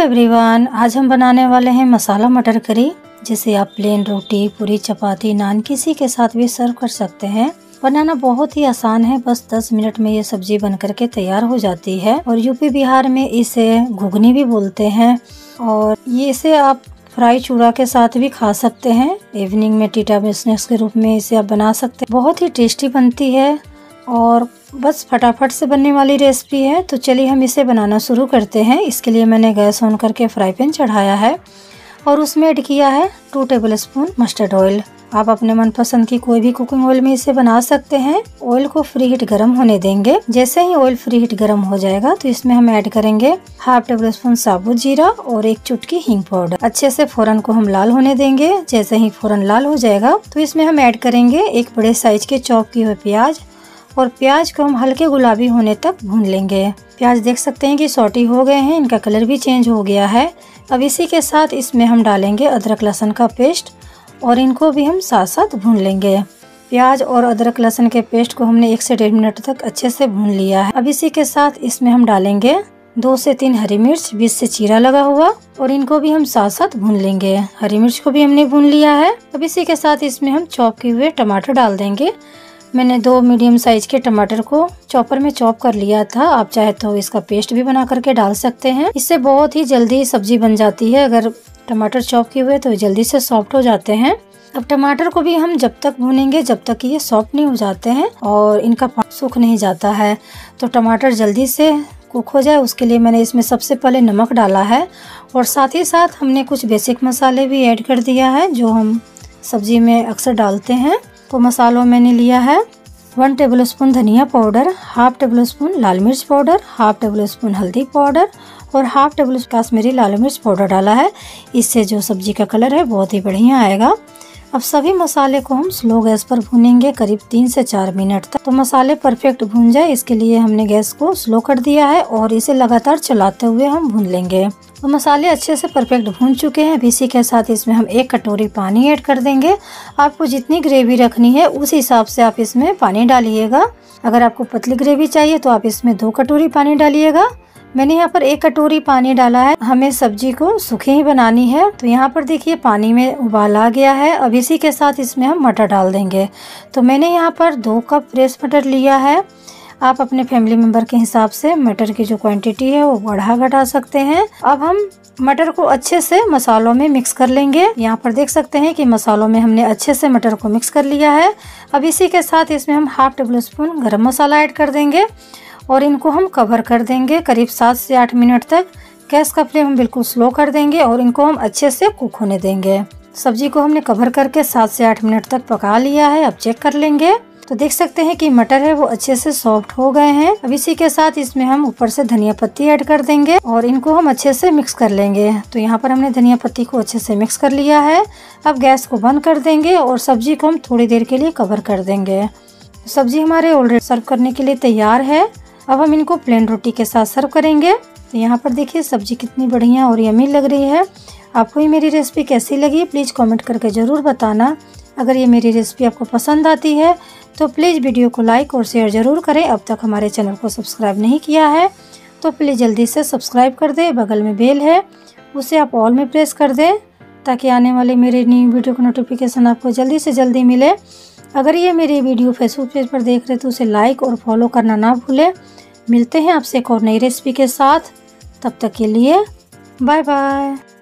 everyone आज हम बनाने वाले हैं मसाला मटर करी जिसे आप प्लेन रोटी पूरी चपाती नान किसी के साथ भी सर्व कर सकते हैं बनाना बहुत ही आसान है बस 10 मिनट में ये सब्जी बन करके तैयार हो जाती है और यूपी बिहार में इसे घुगनी भी बोलते हैं और ये इसे आप फ्राई चूड़ा के साथ भी खा सकते हैं इवनिंग में टीटा में स्नैक्स के रूप में इसे आप बना सकते हैं बहुत ही टेस्टी बनती है और बस फटाफट से बनने वाली रेसिपी है तो चलिए हम इसे बनाना शुरू करते हैं इसके लिए मैंने गैस ऑन करके फ्राई पैन चढ़ाया है और उसमें ऐड किया है two tablespoon mustard oil आप अपने मनपसंद की कोई भी कुकिंग ऑयल में इसे बना सकते हैं ऑयल को फ्री हीट गर्म होने देंगे जैसे ही ऑयल फ्री हीट गर्म हो जाएगा तो इसमें हम ऐड करेंगे हाफ टेबल स्पून साबुत जीरा और एक चुटकी हिंग पाउडर अच्छे से फोरन को हम लाल होने देंगे जैसे ही फोरन लाल हो जाएगा तो इसमें हम ऐड करेंगे एक बड़े साइज के चौक किए हुए प्याज और प्याज को हम हल्के गुलाबी होने तक भून लेंगे प्याज देख सकते हैं कि सोटी हो गए हैं इनका कलर भी चेंज हो गया है अब इसी के साथ इसमें हम डालेंगे अदरक लहसन का पेस्ट और इनको भी हम साथ साथ भून लेंगे प्याज और अदरक लहसन के पेस्ट को हमने एक से डेढ़ मिनट तक अच्छे से भून लिया है अब इसी के साथ इसमें हम डालेंगे दो से तीन हरी मिर्च बीच से चीरा लगा हुआ और इनको भी हम साथ साथ भून लेंगे हरी मिर्च को भी हमने भून लिया है अब इसी के साथ इसमें हम चॉप हुए टमाटर डाल देंगे मैंने दो मीडियम साइज के टमाटर को चॉपर में चॉप कर लिया था आप चाहे तो इसका पेस्ट भी बना करके डाल सकते हैं इससे बहुत ही जल्दी सब्जी बन जाती है अगर टमाटर चॉप किए हुए तो जल्दी से सॉफ्ट हो जाते हैं अब टमाटर को भी हम जब तक भूनेंगे जब तक ये सॉफ्ट नहीं हो जाते हैं और इनका सूख नहीं जाता है तो टमाटर जल्दी से कुक हो जाए उसके लिए मैंने इसमें सबसे पहले नमक डाला है और साथ ही साथ हमने कुछ बेसिक मसाले भी ऐड कर दिया है जो हम सब्जी में अक्सर डालते हैं तो मसालों मैंने लिया है वन टेबल स्पून धनिया पाउडर हाफ टेबल स्पून लाल मिर्च पाउडर हाफ टेबल स्पून हल्दी पाउडर और हाफ टेबल स्पून काश्मीरी लाल मिर्च पाउडर डाला है इससे जो सब्जी का कलर है बहुत ही बढ़िया आएगा अब सभी मसाले को हम स्लो गैस पर भूनेंगे करीब तीन से चार मिनट तक तो मसाले परफेक्ट भून जाए इसके लिए हमने गैस को स्लो कर दिया है और इसे लगातार चलाते हुए हम भून लेंगे तो मसाले अच्छे से परफेक्ट भून चुके हैं अभी इसी के साथ इसमें हम एक कटोरी पानी ऐड कर देंगे आपको जितनी ग्रेवी रखनी है उस हिसाब से आप इसमें पानी डालिएगा अगर आपको पतली ग्रेवी चाहिए तो आप इसमें दो कटोरी पानी डालिएगा मैंने यहाँ पर एक कटोरी पानी डाला है हमें सब्जी को सूखी ही बनानी है तो यहाँ पर देखिए पानी में उबाल आ गया है अब इसी के साथ इसमें हम मटर डाल देंगे तो मैंने यहाँ पर दो कप फ्रेश मटर लिया है आप अपने फैमिली मेम्बर के हिसाब से मटर की जो क्वांटिटी है वो बढ़ा घटा सकते हैं अब हम मटर को अच्छे से मसालों में मिक्स कर लेंगे यहाँ पर देख सकते हैं कि मसालों में हमने अच्छे से मटर को मिक्स कर लिया है अब इसी के साथ इसमें हम हाफ टेबल स्पून गर्म मसाला ऐड कर देंगे और इनको हम कवर कर देंगे करीब सात से आठ मिनट तक गैस का फ्लेम हम बिल्कुल स्लो कर देंगे और इनको हम अच्छे से कुक होने देंगे सब्जी को हमने कवर करके सात से आठ मिनट तक पका लिया है अब चेक कर लेंगे तो देख सकते हैं कि मटर है वो अच्छे से सॉफ्ट हो गए हैं अब इसी के साथ इसमें हम ऊपर से धनिया पत्ती ऐड कर देंगे और इनको हम अच्छे से मिक्स कर लेंगे तो यहाँ पर हमने धनिया पत्ती को अच्छे से मिक्स कर लिया है अब गैस को बंद कर देंगे और सब्जी को हम थोड़ी देर के लिए कवर कर देंगे सब्जी हमारे ऑलरेडी सर्व करने के लिए तैयार है अब हम इनको प्लेन रोटी के साथ सर्व करेंगे तो यहाँ पर देखिए सब्जी कितनी बढ़िया और यमी लग रही है आपको ये मेरी रेसिपी कैसी लगी प्लीज़ कमेंट करके ज़रूर बताना अगर ये मेरी रेसिपी आपको पसंद आती है तो प्लीज़ वीडियो को लाइक और शेयर ज़रूर करें अब तक हमारे चैनल को सब्सक्राइब नहीं किया है तो प्लीज़ जल्दी से सब्सक्राइब कर दें बगल में बेल है उसे आप ऑल में प्रेस कर दें ताकि आने वाले मेरे न्यू वीडियो का नोटिफिकेशन आपको जल्दी से जल्दी मिले अगर ये मेरी वीडियो फेसबुक पेज पर देख रहे तो उसे लाइक और फॉलो करना ना भूलें मिलते हैं आपसे एक और नई रेसिपी के साथ तब तक के लिए बाय बाय